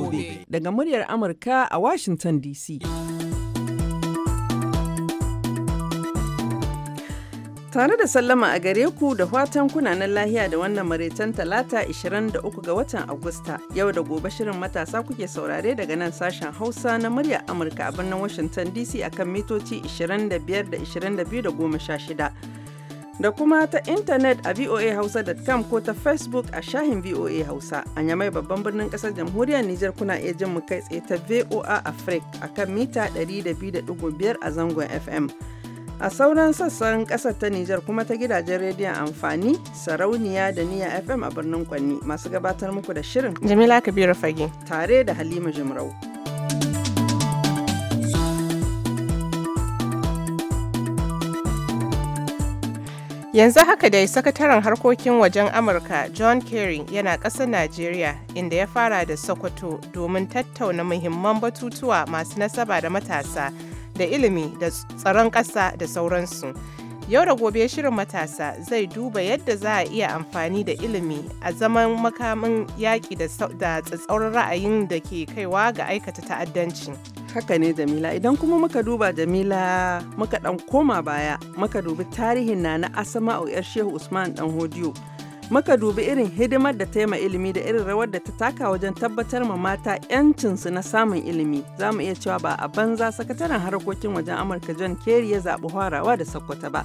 gobe. Daga muryar Amurka a Washington DC. Tare da sallama a gare ku da fatan kunanan lahiya da wannan maraitan talata 23 ga watan Agusta. Yau da gobe shirin matasa kuke saurare daga nan sashen Hausa na muryar Amurka a birnin Washington DC akan mitoci 25 da 22 da 16. da kuma ta intanet a voahausa.com ko ta facebook a shahin voa hausa a yamai babban birnin kasar jamhuriyar nijar kuna iya jin mu kai tsaye ta voa africa a kan mita biyar a zangon fm a sauran sassan kasar ta nijar kuma ta gidajen rediyon amfani sarauniya da niya fm a birnin kwanni masu gabatar muku da shirin jamila kabiru fage tare da halima jimrau Yanzu haka dai sakataren harkokin wajen Amurka John Kerry yana ƙasar Najeriya inda ya fara da Sokoto domin tattauna muhimman batutuwa masu nasaba da matasa da ilimi da tsaron ƙasa da sauransu. Yau da gobe shirin matasa zai duba yadda za a iya amfani da ilimi a zaman makamin yaƙi da tsatsauran ra'ayin da ke kaiwa ga aikata ta'addanci. Haka ne Jamila idan kuma muka duba Jamila muka dan koma baya muka dubi tarihin na na Asama'u 'yar Shehu Usman dan Hodiyo. Muka dubi irin hidimar da ta yi ma ilimi da irin rawar da ta taka wajen tabbatar ma mata 'yancinsu na samun ilimi. Za mu iya cewa ba a banza sakataren harkokin wajen Amurka John Kerry ya zaɓi harawa da Sokoto ba.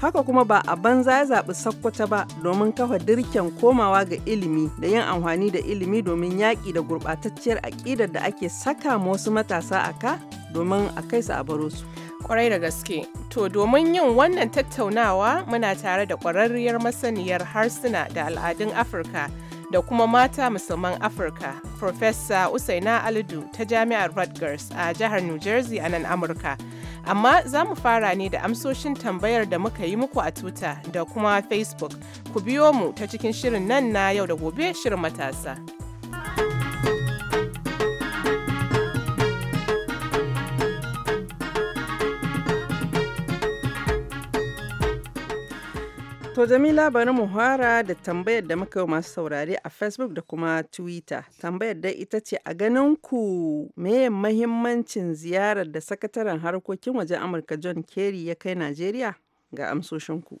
haka kuma ba a banza ya zaɓi sakkwata ba domin kafa dirken komawa ga ilimi da yin amfani da ilimi domin yaƙi da gurɓatacciyar aƙidar da ake saka ma wasu matasa a ka domin a kai su a baro su. Kwarai da gaske, to domin yin wannan tattaunawa muna tare da ƙwararriyar masaniyar harsuna da al'adun Afirka da kuma mata musulman Afirka, Professor Usaina Alidu ta Jami'ar Rutgers a jihar New Jersey a nan Amurka. Amma za mu fara ne da amsoshin tambayar da muka yi muku a tuta da kuma Facebook. Ku biyo mu ta cikin shirin nan na yau da gobe shirin matasa. To Jamila bari mu fara da tambayar da muka yi masu saurare a Facebook da kuma Twitter. Tambayar da ita ce a ganin ku meye mahimmancin ziyarar da sakataren harkokin wajen Amurka John Kerry ya kai Najeriya ga amsoshinku. ku.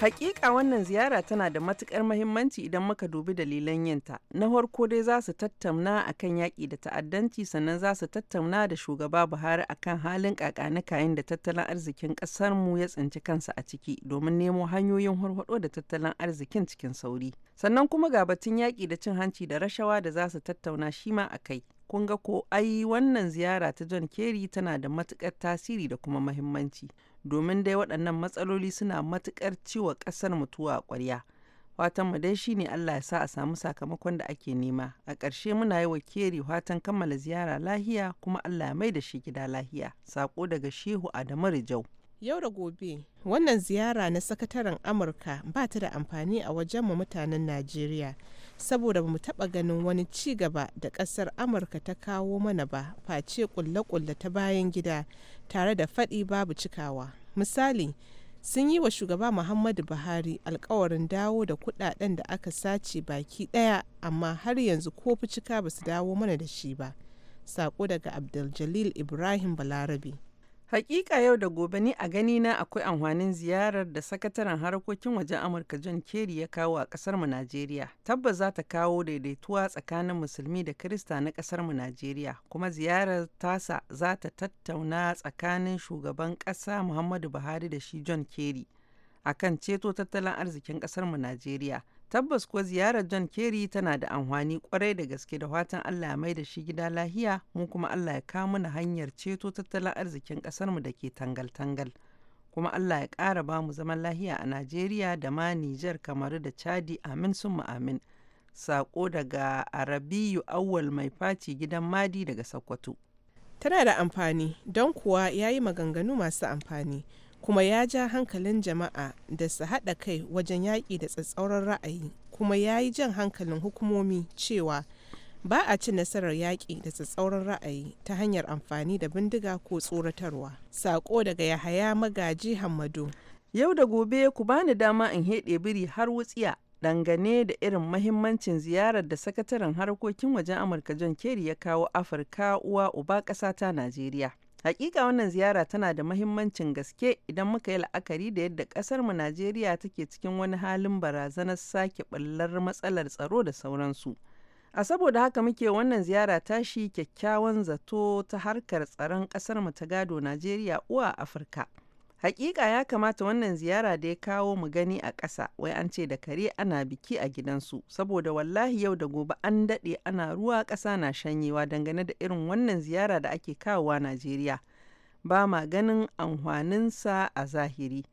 Hakika wannan ziyara tana da matukar mahimmanci idan muka dubi dalilan yinta. Na farko dai za su tattauna a kan yaƙi da ta'addanci sannan za su tattauna da shugaba Buhari a kan halin kakanikayen da tattalin arzikin ƙasar mu ya tsinci kansa a ciki domin nemo hanyoyin harhaɗo da tattalin arzikin cikin sauri. Sannan kuma ga batun yaƙi da cin hanci da rashawa da za su tattauna shi ma a kai. Kun ga ko ai wannan ziyara ta John Kerry tana da matukar tasiri da kuma mahimmanci. domin dai waɗannan matsaloli suna matuƙar ciwa ƙasar mutuwa a ƙwarya. Fatan mu dai shine Allah ya sa a samu sakamakon da ake nema. A ƙarshe muna yi wa Keri fatan kammala ziyara lahiya kuma Allah ya mai da shi gida lahiya. Sako daga Shehu Adamu Rijau. Yau da gobe, wannan ziyara na sakataren Amurka ba ta da amfani a wajen mu mutanen Najeriya. saboda mu taɓa ganin wani ci gaba da ƙasar amurka ta kawo mana ba face ƙulle-ƙulle ta bayan gida tare da faɗi babu cikawa misali sun yi wa shugaba muhammadu buhari alkawarin dawo da kudaden da aka sace baki daya amma har yanzu ko fi cika ba su dawo mana da shi ba sako daga abdul ibrahim balarabi. Hakika yau da gobe ni a gani na akwai amfanin ziyarar da sakataren harkokin wajen Amurka John Kerry ya kawo a kasar mu Najeriya. Tabbas za ta kawo daidaituwa tsakanin musulmi da Kirista na kasar mu Najeriya, kuma ziyarar tasa za ta tattauna tsakanin shugaban kasa Muhammadu Buhari da shi John Kerry akan ceto tattalin arzikin kasar mu Najeriya. Tabbas kuwa ziyarar John Kerry tana da amfani kwarai da gaske da fatan Allah ya mai da shi gida lahiya mu kuma Allah ya kawo mana hanyar ceto tattalin arzikin ƙasarmu da ke tangal-tangal. Kuma Allah ya ƙara ba mu zaman lahiya a Najeriya da ma Nijar Kamaru da Chadi amin sun amin. Sako daga Arabiyu Awwal mai faci gidan Madi daga Sokoto. Tana da amfani don kuwa ya yi maganganu masu amfani. kuma ya ja hankalin jama'a da su haɗa kai wajen yaƙi da tsatsauran ra'ayi kuma ya yi jan hankalin hukumomi cewa ba a ci nasarar yaƙi da tsatsauran ra'ayi ta hanyar amfani da bindiga ko tsoratarwa. Saƙo daga Yahaya Magaji Hammadu. Yau da gobe ku bani dama in heɗe biri har wutsiya dangane da irin mahimmancin ziyarar da sakataren harkokin wajen Amurka John Kerry ya kawo Afirka uwa uba ƙasa ta Najeriya. Hakika wannan ziyara tana da mahimmancin gaske idan muka yi la'akari da yadda kasar mu Najeriya take cikin wani halin barazanar sake ɓullar matsalar tsaro da sauransu. A saboda haka muke wannan ziyara tashi kyakkyawan zato ta harkar tsaron kasar mu ta gado Najeriya uwa Afirka. Hakika ya kamata wannan ziyara da ya kawo mu gani a ƙasa, wai an ce da kare ana biki a gidansu, saboda wallahi yau da gobe an daɗe ana ruwa ƙasa na shanyewa dangane da irin wannan ziyara da ake kawowa Najeriya. Ba ma ganin amfaninsa a zahiri.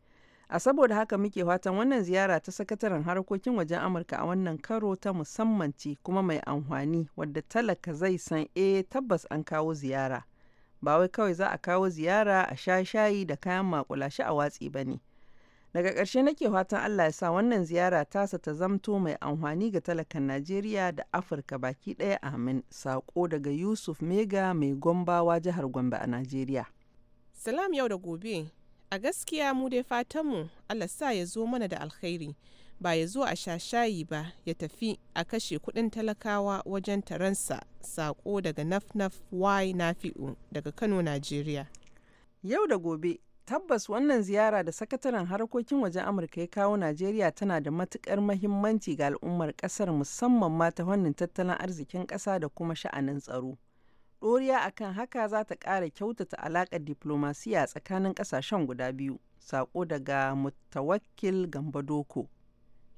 A saboda haka muke fatan wannan ziyara ta sakataren harkokin wajen Amurka a wannan karo ta musamman ce kuma mai amfani wadda talaka zai san eh tabbas an kawo ziyara. ba wai kawai za a kawo ziyara a sha shayi da kayan makulashe a watsi ba ne. Daga ƙarshe nake fatan Allah ya sa wannan ziyara tasa ta zamto mai amfani ga talakan Najeriya da Afirka baki ɗaya amin. Sako daga Yusuf Mega mai gombawa jihar Gombe a Najeriya. Salam yau da gobe, a gaskiya mu dai fatanmu Allah sa ya zo mana da alkhairi. ba ya zo a sha shayi ba ya tafi a kashe kudin talakawa wajen taransa sako daga naf-naf y nafi'u daga kano najeriya yau da gobe tabbas wannan ziyara da sakataren harkokin wajen amurka ya kawo najeriya tana da matukar mahimmanci ga al'ummar kasar musamman ma ta wannan tattalin arzikin kasa da kuma sha'anin tsaro doriya akan haka za ta ƙara kyautata alaƙar diplomasiya tsakanin ƙasashen guda biyu sako daga mutawakkil gambadoko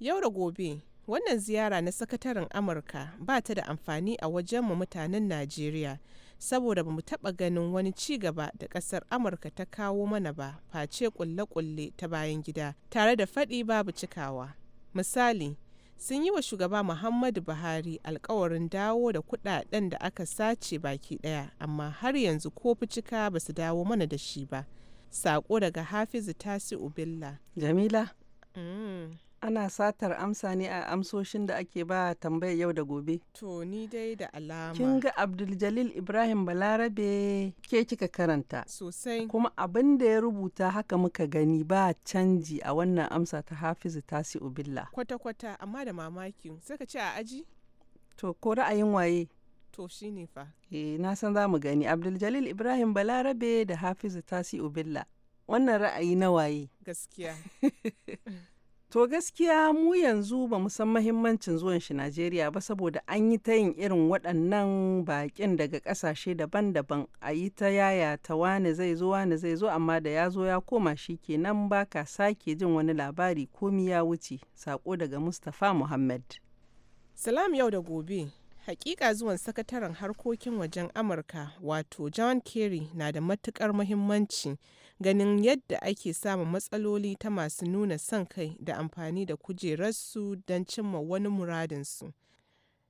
Yau da gobe, wannan ziyara na sakataren Amurka ba ta da amfani a wajenmu mutanen Najeriya, saboda ba mu taɓa ganin wani ci gaba da ƙasar Amurka ta kawo mana ba face ƙulle-ƙulle ta bayan gida, tare da faɗi babu cikawa. Misali, sun yi wa shugaba Muhammadu Buhari alkawarin dawo da kudaden da aka sace baki daya amma har yanzu ko cika ba su dawo mana da shi ba. Sako daga Hafizu Tasi Ubilla. Jamila. Mm. Ana satar amsa ne a amsoshin da ake ba tambayar yau da gobe. To ni dai da alama. Kin ga Abdul Jalil Ibrahim Balarabe ke kika karanta. Sosai. Kuma abin da ya rubuta haka muka gani ba canji a wannan amsa ta Hafizu Tasi Ubilla. Kwata-kwata amma da mamaki suka ce a aji? To ko ra'ayin waye? To shi ne fa. Eh na san za mu gani Abdul Jalil Ibrahim Balarabe da Hafizu Tasi Ubilla. Wannan ra'ayi na waye? Gaskiya. To gaskiya mu yanzu ba mu san mahimmancin zuwan shi Najeriya ba saboda an yi ta yin irin waɗannan baƙin daga ƙasashe daban-daban a yi ta yaya ta wani zai zo wani zai zo amma da ya zo ya koma shi ke nan ba ka sake jin wani labari komi ya wuce sako daga Mustapha Muhammad. Salam yau da gobe. hakika zuwan sakataren harkokin wajen amurka wato john kerry na da matukar muhimmanci ganin yadda ake samun matsaloli ta masu nuna son kai da amfani da kujerarsu don cimma wani muradinsu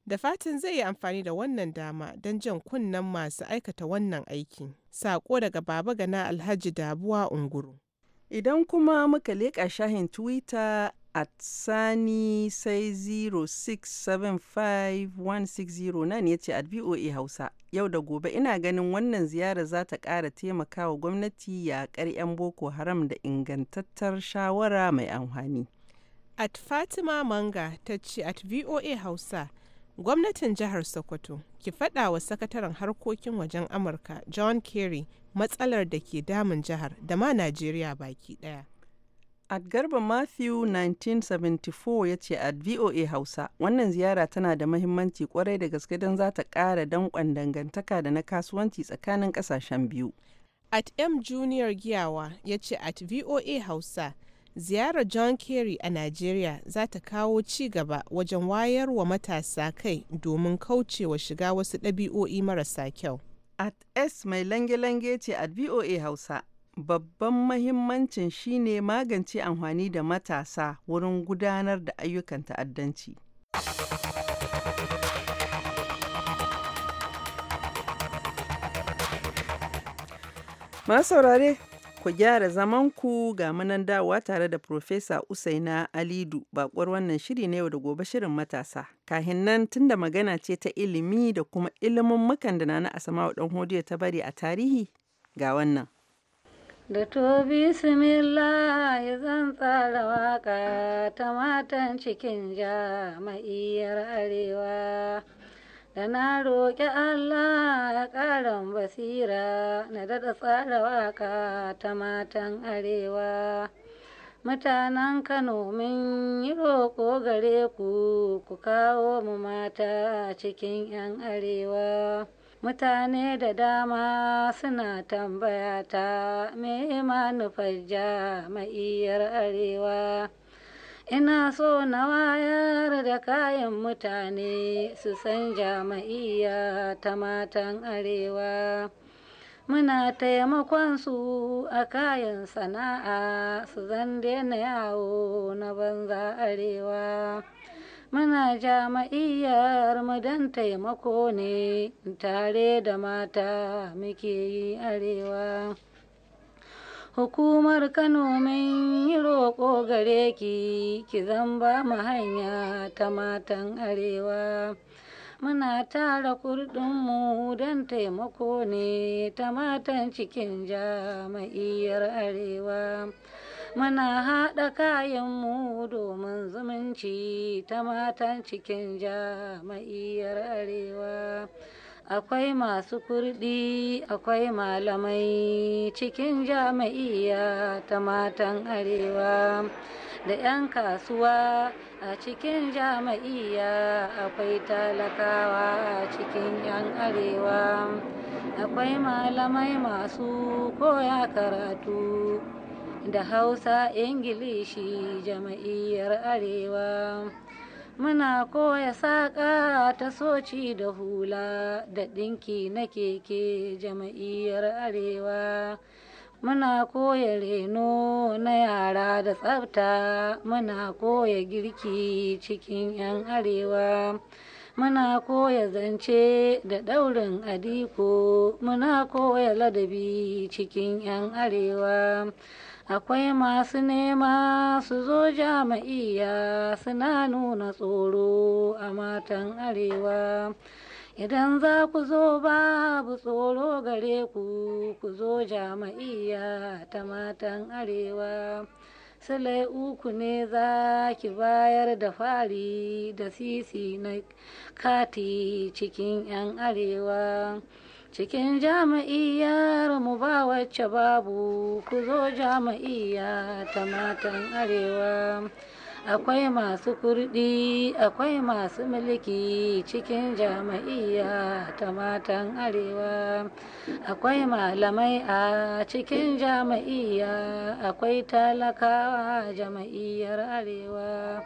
da fatan zai yi amfani da wannan dama don jan kunnen masu aikata wannan aiki sako daga baba gana alhaji dabuwa unguru idan kuma muka leƙa shahin twitter Sani sai 06751609 ya ce at VOA Hausa. Yau da gobe ina ganin wannan ziyara za ta ƙara taimakawa gwamnati yaƙar 'yan Boko Haram da ingantattar shawara mai amfani. At Fatima Manga ta ce at VOA Hausa, gwamnatin jihar Sokoto, ki faɗa wa sakataren harkokin wajen Amurka John Kerry matsalar da ke damun jihar da ma Najeriya baki ɗaya. Adgarba Matthew 1974 ya ce a VOA Hausa, wannan ziyara tana da mahimmanci kwarai da gaske don za ta ƙara danƙon dangantaka da na kasuwanci tsakanin ƙasashen biyu. At M Junior Giyawa ya ce at VOA Hausa, ziyarar John Kerry a Najeriya za ta kawo ci gaba wajen wayar wa matasa kai domin kaucewa shiga wasu ɗabi'o'i marasa kyau. At S mai lange-lange ce at VOA Hausa, Babban mahimmancin shine magance amfani da matasa wurin gudanar da ayyukan ta'addanci. saurare ku gyara zamanku ga manan dawowa tare da Profesa Usaina Alidu bakwar wannan shiri na yau da gobe shirin matasa. Kahin nan tunda magana ce ta ilimi da kuma ilimin mukan da na wa ɗan hodiyo ta bari a tarihi ga wannan. da to bismillah zan tsara waka ta matan cikin jama'iyar arewa da na roƙi Allah ya ƙarin basira na daɗa tsara waka ta matan arewa mutanen kano min yi roƙo gare ku ku kawo mu mata cikin 'yan arewa mutane da dama suna tambaya ta me manufar jama'iyyar arewa ina so na wayar da kayan mutane su san jama'iya ta matan arewa muna taimakon su a kayan sana'a su zan daina yawo na banza arewa muna jama'iyyar mu don taimako ne tare da mata muke yi arewa hukumar kano mun yi roƙo gare ki ki zan ba mu hanya ta matan arewa muna tara kurdinmu don taimako ne ta matan cikin jama'iyyar arewa muna haɗa kayanmu domin zumunci ta matan cikin jama'iyar arewa akwai masu kurɗi akwai malamai cikin jama'iya ta matan arewa da 'yan kasuwa a cikin jama'iya akwai talakawa a cikin 'yan arewa akwai malamai masu koya karatu da hausa ingilishi jama'iyyar arewa muna koya saƙa ta soci da hula da ɗinki na keke jama'iyyar arewa muna koya reno na yara da tsafta muna koya girki cikin 'yan arewa muna koya zance da ɗaurin adiko muna koya ladabi cikin 'yan arewa akwai masu nema su zo jama'iya suna nuna tsoro a matan arewa idan za ku zo babu tsoro gare ku ku zo jama'iya ta matan arewa silai uku ne za ki bayar da fari da sisi na kati cikin 'yan arewa cikin jami'iyar mu ba wacce babu ku zo ta matan arewa akwai masu kurdi akwai masu mulki cikin jama'iyya ta matan arewa akwai malamai a cikin jama'iyya akwai talakawa jami'iyar arewa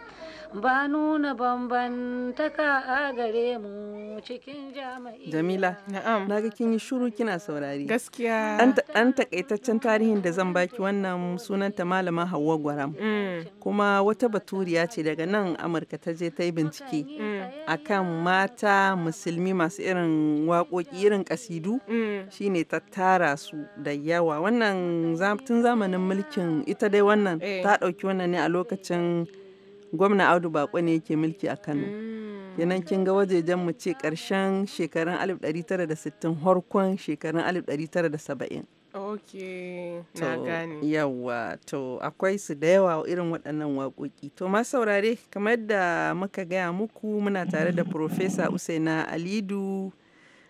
ba nuna bambantaka a gare mu cikin jama'i jamila na'am na ga kin yi shuru kina saurari gaskiya An takaitaccen tarihin da zan baki wannan sunanta malama Hauwa Gwaram mm. kuma wata baturiya ce daga nan Amurka ta je ta yi bincike mm. akan mata musulmi masu irin waƙoƙi irin ƙasidu. Mm. shine ta tara su da yawa wannan tun zamanin mulkin ita dai wannan eh. ta ɗauki wannan ne a lokacin gwamna audu bako ne yake mulki a kano yanan mm. kin ga wajejen mu ce karshen shekarun 1960 harkon shekarun 1970 Okay, na gane. Yawa, to akwai su da yawa irin waɗannan waƙoƙi. To ma saurare, kamar da muka gaya muku muna tare da Profesa Usaina Alidu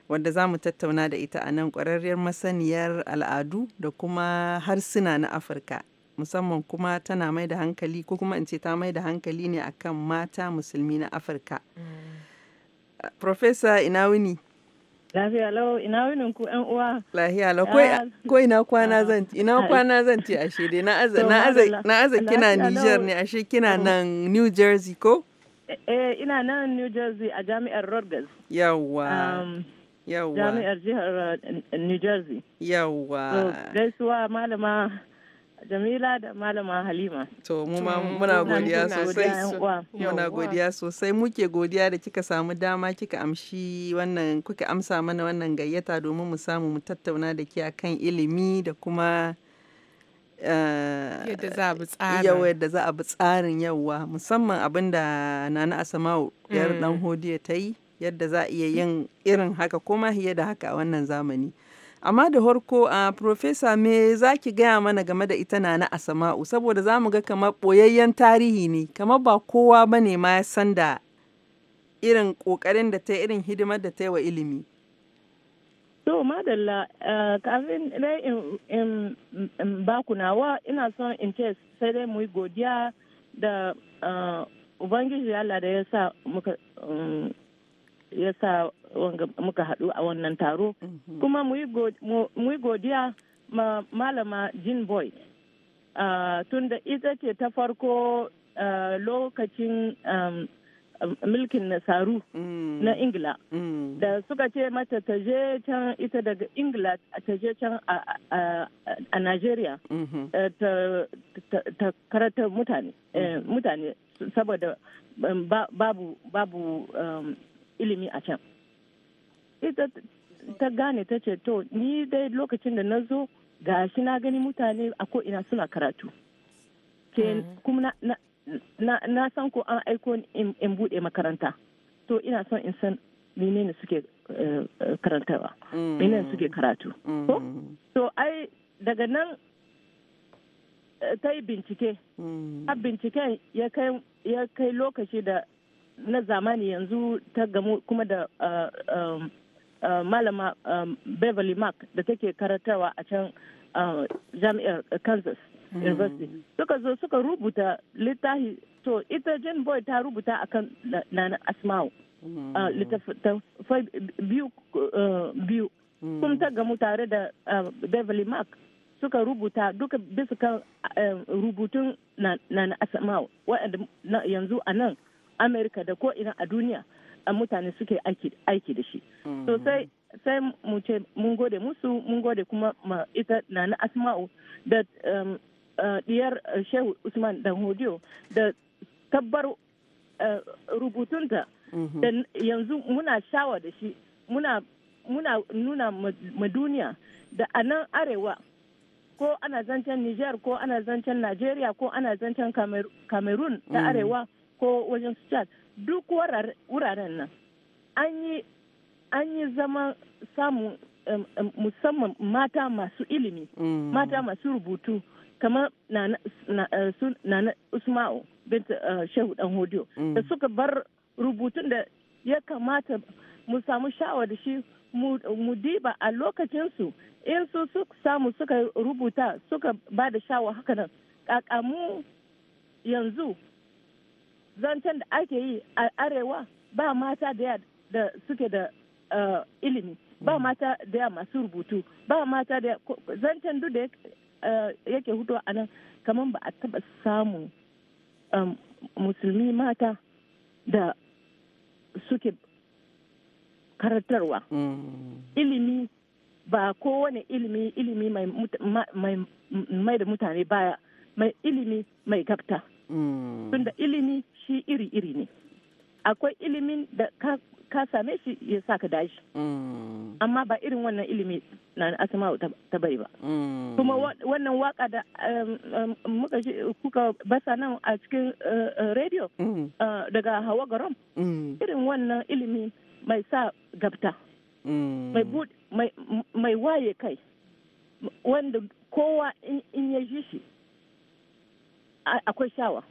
wanda za mu tattauna da ita a nan ƙwararriyar masaniyar al'adu da kuma harsuna na Afirka. musamman kuma tana mai da hankali ko kuma in ce ta mai da hankali ne akan mata musulmi na afirka mm. profesa ina wuni lafiya lau ina ku yan uwa lafiya lau ko ah. ina kwana ah. zan ina ah. kwana zan ce ashe shede na aza na aza na aza kina Niger ne ashe kina nan New Jersey ko eh, eh ina nan New Jersey a jami'ar Rutgers yawa um, yawa jami'ar jihar eh, New Jersey yawa gaisuwa malama Jamila da Malama Halima. To mu ma muna godiya sosai. Muna godiya sosai muke godiya da kika samu dama kika amshi wannan kuka amsa mana wannan gayyata domin mu samu mu tattauna da ke akan ilimi da kuma eh, yadda za a bi tsarin yauwa musamman abin da Nana Asama'u yar dan mm. hodiya ta yi yadda za a iya yin irin haka ko ma da haka a wannan zamani. Amma da harko a Profesa me za ki gaya mana game da ita Nana Asama'u saboda za mu ga kamar ɓoyayyen tarihi ne, kamar ba kowa ba ne ma ya san da irin ƙoƙarin da ta irin hidimar da ta yi wa ilimi. To madalla kafin dai in bakunawa ina son in ce sai dai mu yi godiya da Ubangiji Allah da ya sa muka um, ya sa muka haɗu a wannan taro mhm. kuma mu yi godiya ma malama jean boy ah, tunda ita ce ta farko ah, lokacin milkin nasaru mm. na ingila mm. da suka ce mata ta je can ita daga ingila ta je can a nigeria ta karata mutane saboda babu ilimi a can ita ta gane ta ce to ni dai lokacin da na zo ga shi na gani mutane a ko ina suna karatu ke mm-hmm. kuma na na na san ko an aiko in bude makaranta to ina son in san menene suke eh, eh, karantarwa mm-hmm. menene suke karatu mm-hmm. ko to ai daga nan eh, ta yi bincike a binciken ya kai lokaci da na zamani yanzu ta gamu kuma da uh, um, uh, malama um, beverly mark da take karatarwa a can uh, jami'ar kansas mm. university suka zo suka rubuta littafi to ita jane boy ta rubuta akan nana asma'u mm. littafi biyu biyu mm. kuma ta gamu tare da beverly mark suka rubuta duka bisa kan rubutun na asma'u waɗanda yanzu a nan amerika da ko ina a duniya a mutane suke aiki da shi sosai mhm. sai mu ce mun gode musu mun gode kuma ma ita na na asma'u da um, uh, diyar uh, shehu usman dan hodiyo da tabbar uh, rubutunta mhm. da yanzu muna shawa da shi muna nuna ma duniya da a nan arewa ko ana zancen niger ko ana zancen nigeria ko ana zancen cameroon ta mhm. arewa mm. ko wajen su duk wuraren nan an yi zama samun musamman mata masu ilimi mm. mata masu rubutu kamar na eh, usma'u binta eh, shehu dan hodiyo mm. da suka bar rubutun da ya kamata mu samu sha'awa da shi mu diba a lokacinsu in su suka samu suka rubuta suka ba da shawa haka nan kakamu yanzu zancen da ake yi a arewa ba mata da da suke da eh, ilimi ba mm. mata da masu rubutu ba mata da zancen duk da eh, yake hutu a nan kamar ba a taba samu um, musulmi mata da suke karatarwa mm. ilimi ba kowane ilimi ilimi mai da mutane baya mai ilimi mai gabta mm. tunda ilimi shi iri-iri ne akwai ilimin da ka same shi ya sa ka dashi mm. amma ba irin wannan ilimi na asma'u ta bari ba mm. kuma wannan waka da um, um, muka kuka basa nan a cikin uh, uh, rediyo mm. uh, daga hawa garom irin wannan ilimi mai sa gabta mai waye kai wanda kowa in ya shi akwai shawa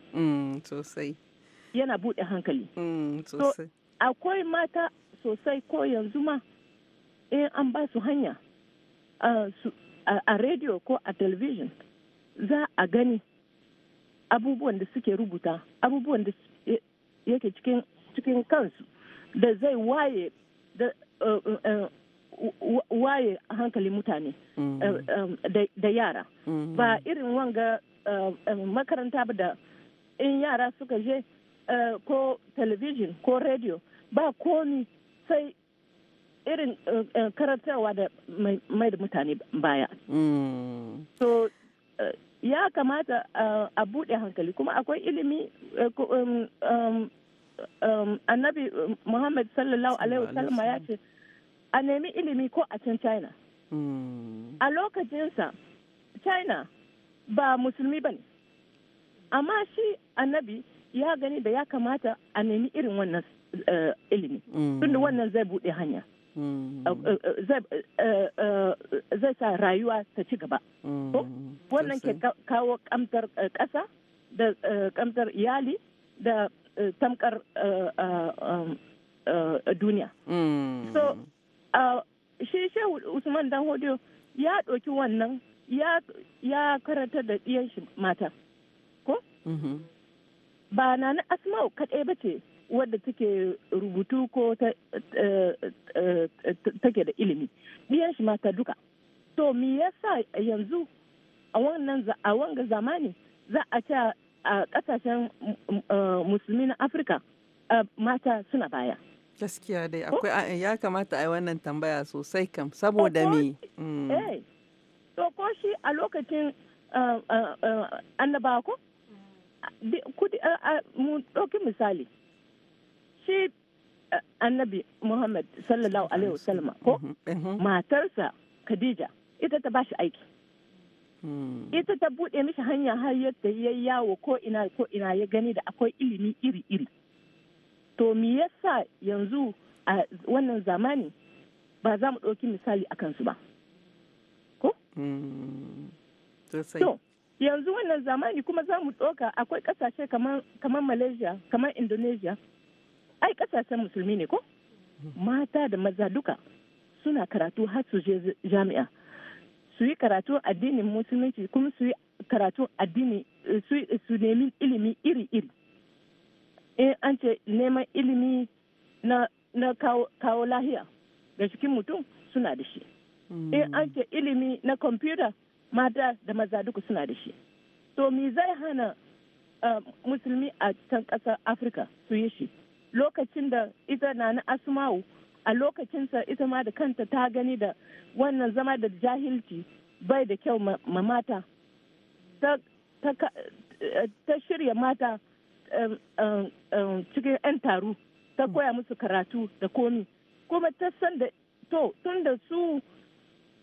sosai yana buɗe hankali mm, so akwai mata sosai ko yanzu ma in an ba su hanya a radio ko a television za a gani abubuwan da suke rubuta abubuwan da yake cikin kansu da zai waye da uh, uh, uh, waye hankalin mutane mm. um, da yara mm-hmm. ba irin wanga um, makaranta ba da in yara suka je Eh, ko talabijin ko rediyo ba komi sai irin eh, eh, karantarwa da mai da mutane baya. Mm. So ya kamata a buɗe hankali kuma akwai ilimi um, um, um, annabi Muhammad sallallahu Alaihi wasallam ya ce a nemi ilimi ko a can China. Mm. A lokacinsa China ba musulmi ba ne, amma shi annabi ya gani da ya kamata a nemi irin wannan eh, ilimi mm. tunda wannan zai buɗe hanya mm. eh, eh, zai sa rayuwa ta ci gaba mm. wannan ke kawo kamtar ƙasa da kamtar iyali da tamkar duniya so ah, shi shi usman dan hodiyo ya ɗauki wannan ya karanta da ɗiyan mata ko mm-hmm. ba na na asma'u kaɗai ba ce wadda take rubutu ko take da ilimi biyan shi mata duka to me yasa yanzu a wannan a wanga zamani za a ce a ƙasashen mm, mm, eh, musulmi na afirka eh, mata suna baya gaskiya dai akwai ya kamata a yi wannan tambaya sosai kam saboda me mm. eh, to ko shi a lokacin annabawa ko mu ɗauki misali shi annabi muhammad sallallahu alaihi wasallam ko mhm, mhm. matarsa khadija ita ta bashi aiki hmm. ita ta buɗe mishi hanya har yadda ya yawo ko ina ko ina ya gani da akwai ilimi iri-iri to me yasa yanzu a wannan zamani ba za mu ɗauki misali a kansu ba ko? Hmm. yanzu wannan zamani kuma za mu tsoka akwai kasashe kamar malaysia kamar indonesia ai kasashen musulmi ne ko mata da maza duka suna karatu har su je jami'a su yi karatu addinin musulunci kuma su yi karatu addini su nemi ilimi iri-iri in eh, an ce neman ilimi na kawo lahiya ga jikin mutum suna da shi in mm. eh, an ce ilimi na computer mata da maza duka suna da shi to me zai hana eh, musulmi a can ƙasar afirka su yi shi lokacin da ita na na asma'u a lokacinsa ita ma da kanta ta gani da wannan zama da jahilci bai da kyau ma mata eh, ta shirya mata eh, cikin 'yan taru ta koya musu karatu da komi kuma ta san da to tun da su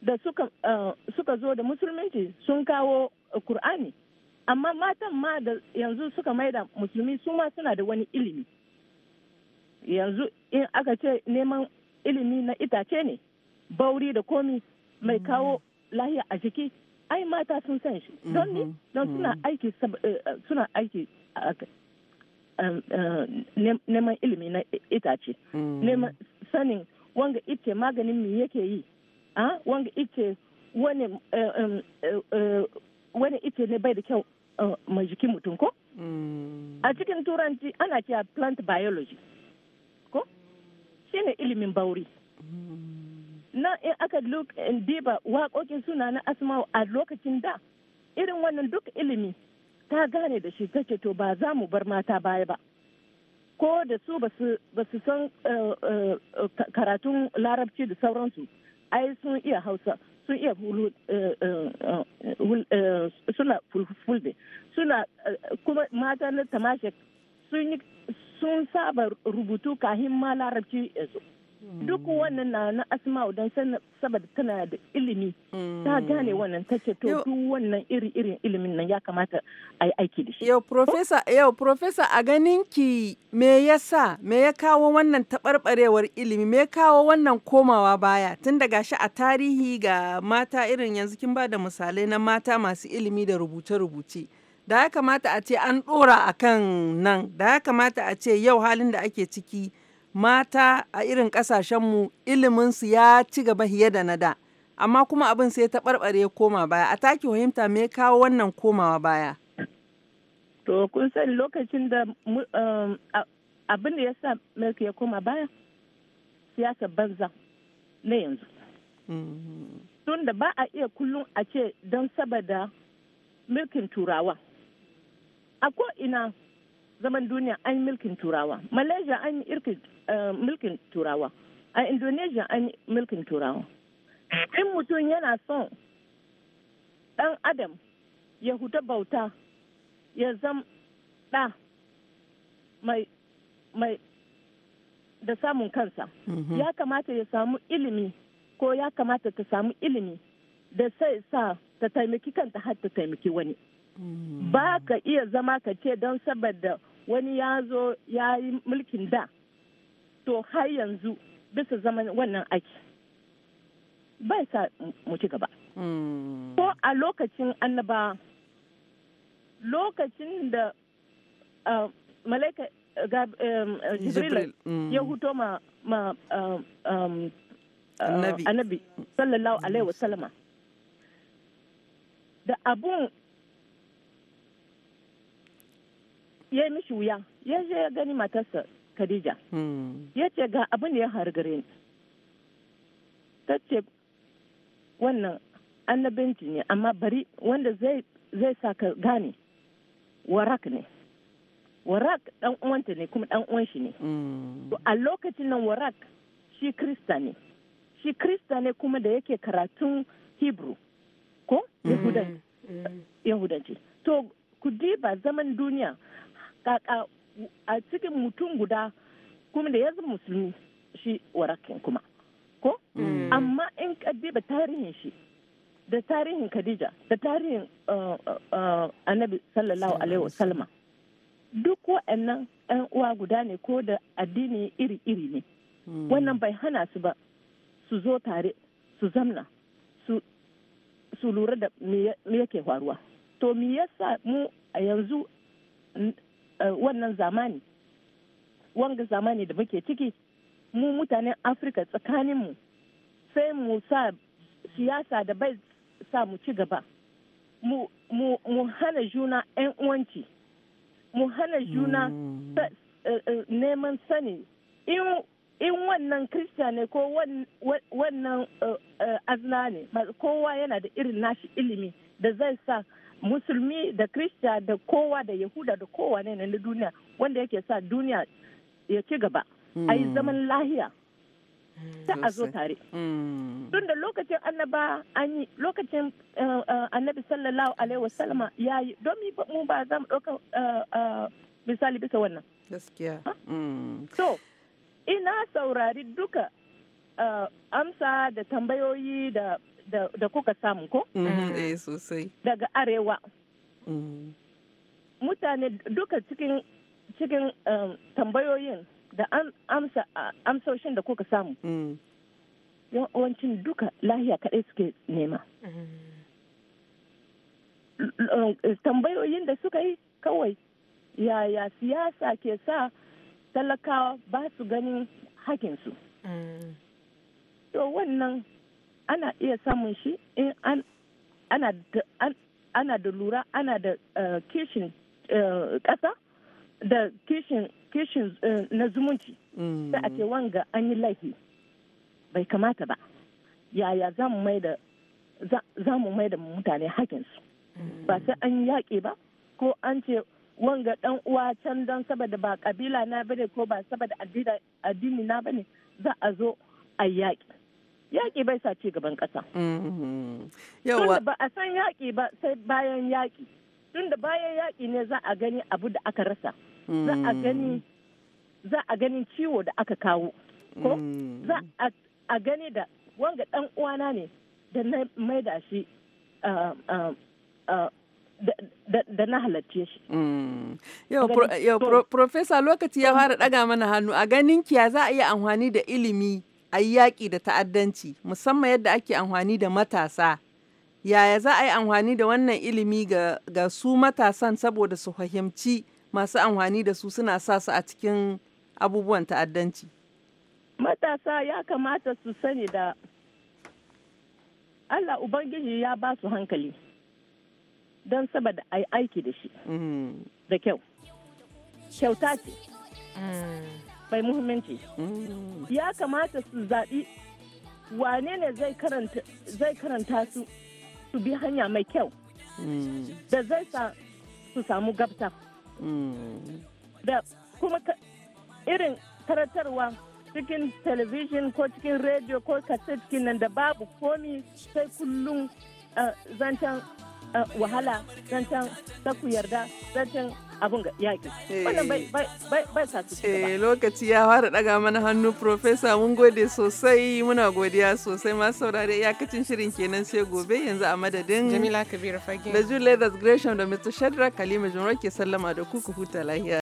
da eh, suka zo da musulminci sun kawo kur'ani eh, amma matan ma da yanzu suka maida musulmi su ma suna da wani ilimi yanzu in aka ce neman ilimi na itace ne bauri da komi mai mm. kawo lahiya a jiki ai mata sun san shi mm-hmm. don ni don suna mm-hmm. aiki eh, suna aiki neman ilimi na itace mm. neman sanin wanga ice maganin me yake yi a wanga wani wani ice ne bai da kyau eh, mai jikin mutum ko mm. a cikin turanci ana cewa plant biology ko shine ilimin bauri mm. na in aka look diba waƙoƙin suna na asma a lokacin da irin wannan duk ilimi ta gane da shi ta to ba za mu bar mata baya ba ko da su ba su san eh, eh, karatun larabci da sauransu ai sun iya hausa sun iya eh, eh, eh, suna fulfulde suna kuma mata na tamashe sun saba rubutu kahin ma larabci ya zo duk wannan na na asma'u don saboda tana da ilimi mm. ta gane wannan ta ce to duk wannan iri irin ilimin nan ya kamata a yi aiki da shi yau profesa yau profesa a ganin ki me yasa me ya kawo wannan taɓarɓarewar ilimi me ya kawo wannan komawa baya tun daga shi a tarihi ga mata irin yanzu kin ba da misalai na mata masu ilimi da rubuce-rubuce da ya kamata a ce an ɗora a kan nan da ya kamata a ce yau halin da ake ciki mata a irin ƙasashenmu iliminsu ya ci gaba hiye da na da amma kuma abin sai ta barbare koma baya a taki fahimta me kawo wannan komawa baya to kun sani lokacin da um, abin da ya sa milk ya koma baya siyasa banza na yanzu mm-hmm. tun da ba a iya kullum a ce don saboda milkin turawa a ko ina zaman duniya an yi milkin turawa malaysia an yi Eh, mulkin turawa a indonesia an yi mulkin turawa in mutum yana son ɗan adam ya huta bauta ya zam ɗa mai mai da samun kansa mhm. ya kamata ya samu ilimi ko ya kamata ta samu ilimi da sai sa ta taimaki kanta har ta taimaki wani mhm. ba ka iya zama ka ce don saboda wani ya zo ya yi mulkin da to har yanzu bisa zaman wannan aiki bai sa mu ci gaba hmm. ko a lokacin annaba lokacin da malaika eh, eh, eh, jibril hmm. ya huto ma annabi sallallahu alaihi wasallama da abun ya yi mishi wuya ya je ya gani matarsa Khadija. Hmm. Ya ce ga abin da ya hargare ni. Ta ce wannan annabinci ne amma bari wanda zai sa ka gane warak ne. Warak dan uwanta ne kuma dan uwan shi ne. Hmm. To a lokacin nan warak shi Krista ne. Shi Krista ne kuma da yake karatun Hebrew ko hmm. Yahudanci. To ku diba zaman duniya kaka a cikin mutum guda kuma da ya zama musulmi shi warakin kuma ko mm. amma in ka tarihin shi da tarihin Khadija da tarihin uh, uh, uh, Annabi sallallahu alaihi wasallama duk waɗannan yan uwa guda ne ko da addini iri-iri ne mm. wannan bai hana su ba su zo tare su zamna su lura da me yake faruwa to me yasa mu a yanzu Eh, wannan zamani wanga zamani da muke ciki mu mutanen afirka tsakaninmu sai mu sa siyasa da bai sa mu ci gaba mu hana juna 'yan uwanci mu hana juna mm. eh, eh, neman sani in wannan krista ne ko wannan azna ne kowa yana da irin nashi ilimi da zai sa musulmi da krista da kowa da yahuda da kowa ne na duniya wanda yake sa duniya ya ci gaba a yi hmm. zaman lahiya ta hmm, a zo tare hmm. tun da lokacin annaba an yi lokacin eh, eh, annabi sallallahu alaihi wasallama ya yi don mu ba za mu ɗauka eh, misali bisa wannan gaskiya so ina saurari duka amsa da tambayoyi da da kuka samu ko? Mm-hmm. Eh sosai. Daga arewa. Mm-hmm. Mutane duka cikin cikin um, tambayoyin da amsoshin da kuka samu. Mm-hmm. Yawancin duka lahiya kaɗai suke nema. Tambayoyin da suka yi kawai yaya siyasa ke sa talakawa ba su ganin hakinsu. To wannan ana iya samun shi in ana da lura ana da eh, kishin eh, ƙasa da kishin eh, na zumunci mm. sai a ce wanga an yi laifi bai kamata ba yaya za mu mai da mutane hakinsu mm. ba sai an yaƙi ba ko an ce wanga ɗan uwa can don saboda ba kabila na bane ko ba saboda addini na bane za a zo a yaƙi yaƙi bai sa ci gaban ƙasa. Mm-hmm. Tunda ba a san yaƙi ba sai bayan yaƙi. Tunda bayan yaƙi ne za a gani abu da aka rasa. Za a mm. gani ciwo da aka kawo. Ko mm. za a gani da wanga ɗan uwana ne da na maida shi uh, uh, uh, da na halarce shi. Mm. Yau, Profesa lokaci ya fara ɗaga mana hannu a ganin kiya za a yi amfani da ilimi a yaƙi da ta'addanci musamman yadda ake amfani da matasa yaya za a yi amfani da wannan ilimi ga, su matasan saboda su fahimci masu amfani da su suna sa su a cikin abubuwan ta'addanci matasa ya kamata su sani da allah ubangiji ya ba su hankali don saboda a yi aiki da shi mm. da kyau kyauta ce mm. mai muhimmanci mm. ya kamata su zaɓi wane ne zai karanta su su bi hanya mai kyau mm. da zai sa su samu gabta mm. da kuma irin karatarwa cikin television ko cikin radio ko cikin nan da babu komi sai kullum eh, zancen eh, wahala zancen ku yarda zancen abin ga yaƙi wannan bai sa su lokaci ya fara ɗaga mana hannu Profesa mun gode sosai muna godiya sosai masu saurari iyakacin shirin kenan sai gobe yanzu a madadin Jamila Kabiru Fage da Julie Gresham da Mr. Shadrack Halima Jumroke sallama da ku ku huta lahiya